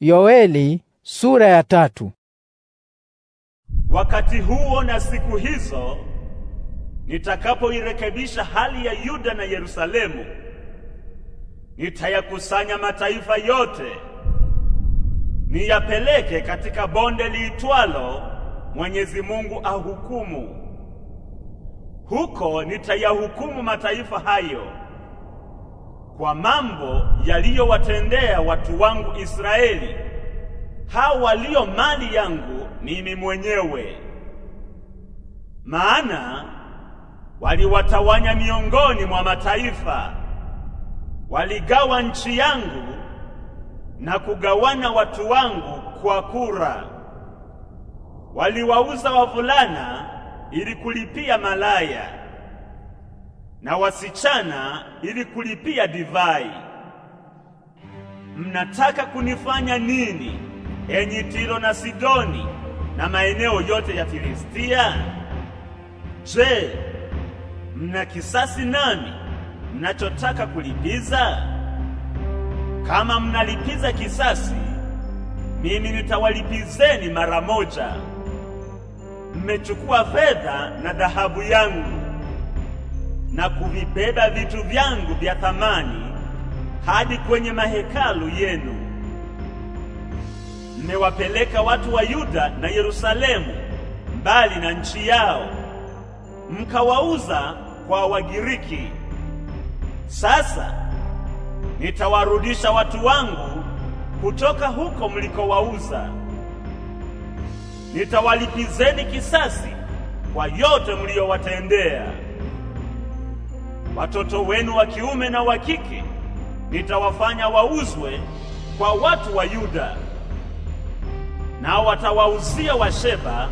Yoeli sura ya tatu. Wakati huo na siku hizo nitakapoirekebisha hali ya Yuda na Yerusalemu, nitayakusanya mataifa yote niyapeleke katika bonde liitwalo Mwenyezi Mungu ahukumu. Huko nitayahukumu mataifa hayo kwa mambo yaliyowatendea watu wangu Israeli, hao walio mali yangu mimi mwenyewe. Maana waliwatawanya miongoni mwa mataifa, waligawa nchi yangu na kugawana watu wangu kwa kura. Waliwauza wavulana ili kulipia malaya na wasichana ili kulipia divai. Mnataka kunifanya nini, enyi Tiro na Sidoni na maeneo yote ya Filistia? Je, mna kisasi nami mnachotaka kulipiza? Kama mnalipiza kisasi, mimi nitawalipizeni mara moja. Mmechukua fedha na dhahabu yangu na kuvibeba vitu vyangu vya thamani hadi kwenye mahekalu yenu. Mmewapeleka watu wa Yuda na Yerusalemu mbali na nchi yao, mkawauza kwa Wagiriki. Sasa nitawarudisha watu wangu kutoka huko mlikowauza. Nitawalipizeni kisasi kwa yote mliyowatendea watoto wenu wa kiume na wa kike nitawafanya wauzwe kwa watu wa Yuda, nao watawauzia Washeba,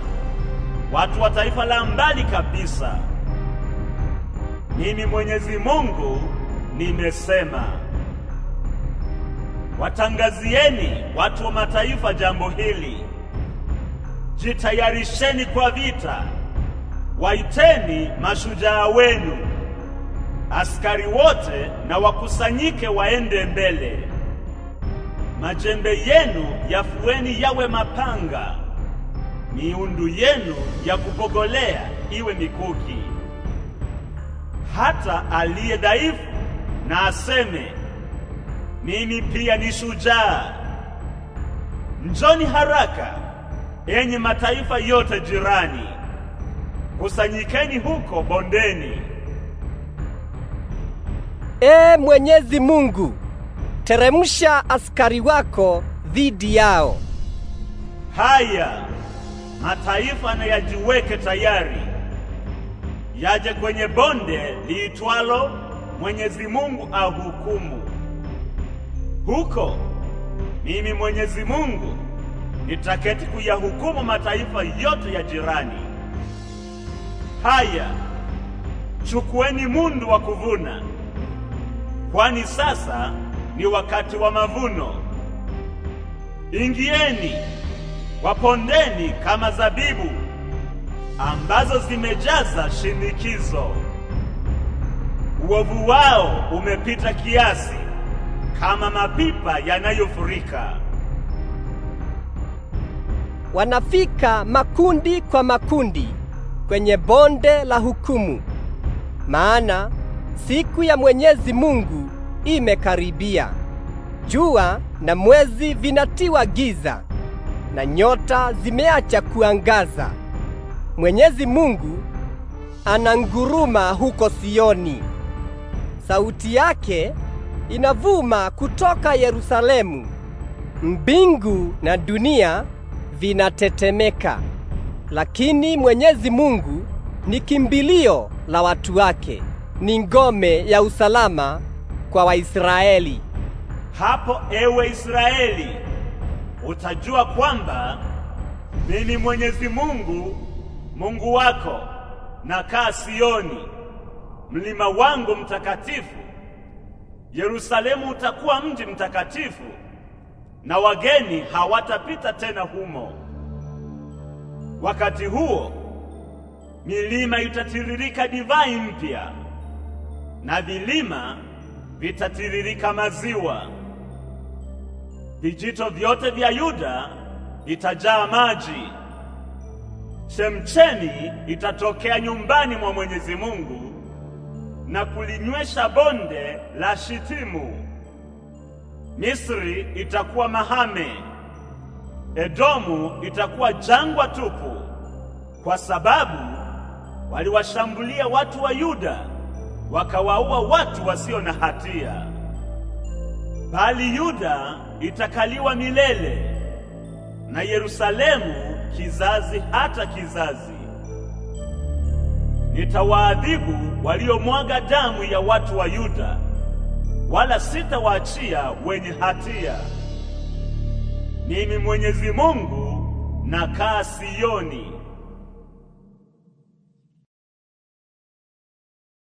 watu wa taifa la mbali kabisa. Mimi Mwenyezi Mungu nimesema. Watangazieni watu wa mataifa jambo hili, jitayarisheni kwa vita, waiteni mashujaa wenu askari wote na wakusanyike waende mbele. Majembe yenu yafueni yawe mapanga, miundu yenu ya kupogolea iwe mikuki. Hata aliye dhaifu na aseme, mimi pia ni shujaa. Njoni haraka, enyi mataifa yote jirani, kusanyikeni huko bondeni Ee Mwenyezi Mungu, teremsha askari wako dhidi yao. Haya mataifa na yajiweke tayari yaje kwenye bonde liitwalo Mwenyezi Mungu ahukumu. Huko mimi Mwenyezi Mungu nitaketi kuyahukumu mataifa yote ya jirani. Haya, chukueni mundu wa kuvuna kwani sasa ni wakati wa mavuno. Ingieni, wapondeni kama zabibu ambazo zimejaza shinikizo. Uovu wao umepita kiasi kama mapipa yanayofurika. Wanafika makundi kwa makundi kwenye bonde la hukumu, maana Siku ya Mwenyezi Mungu imekaribia. Jua na mwezi vinatiwa giza na nyota zimeacha kuangaza. Mwenyezi Mungu ananguruma huko Sioni. Sauti yake inavuma kutoka Yerusalemu. Mbingu na dunia vinatetemeka. Lakini Mwenyezi Mungu ni kimbilio la watu wake ni ngome ya usalama kwa Waisraeli. Hapo ewe Israeli, utajua kwamba mimi Mwenyezi Mungu Mungu wako nakaa Sioni, mlima wangu mtakatifu. Yerusalemu utakuwa mji mtakatifu na wageni hawatapita tena humo. Wakati huo milima itatiririka divai mpya na vilima vitatiririka maziwa. Vijito vyote vya Yuda vitajaa maji. Chemcheni itatokea nyumbani mwa Mwenyezi Mungu na kulinywesha bonde la Shitimu. Misri itakuwa mahame, Edomu itakuwa jangwa tupu, kwa sababu waliwashambulia watu wa Yuda wakawaua watu wasio na hatia, bali Yuda itakaliwa milele na Yerusalemu kizazi hata kizazi. Nitawaadhibu waliomwaga damu ya watu wa Yuda, wala sitawaachia wenye hatia. Mimi Mwenyezi Mungu nakaa Sioni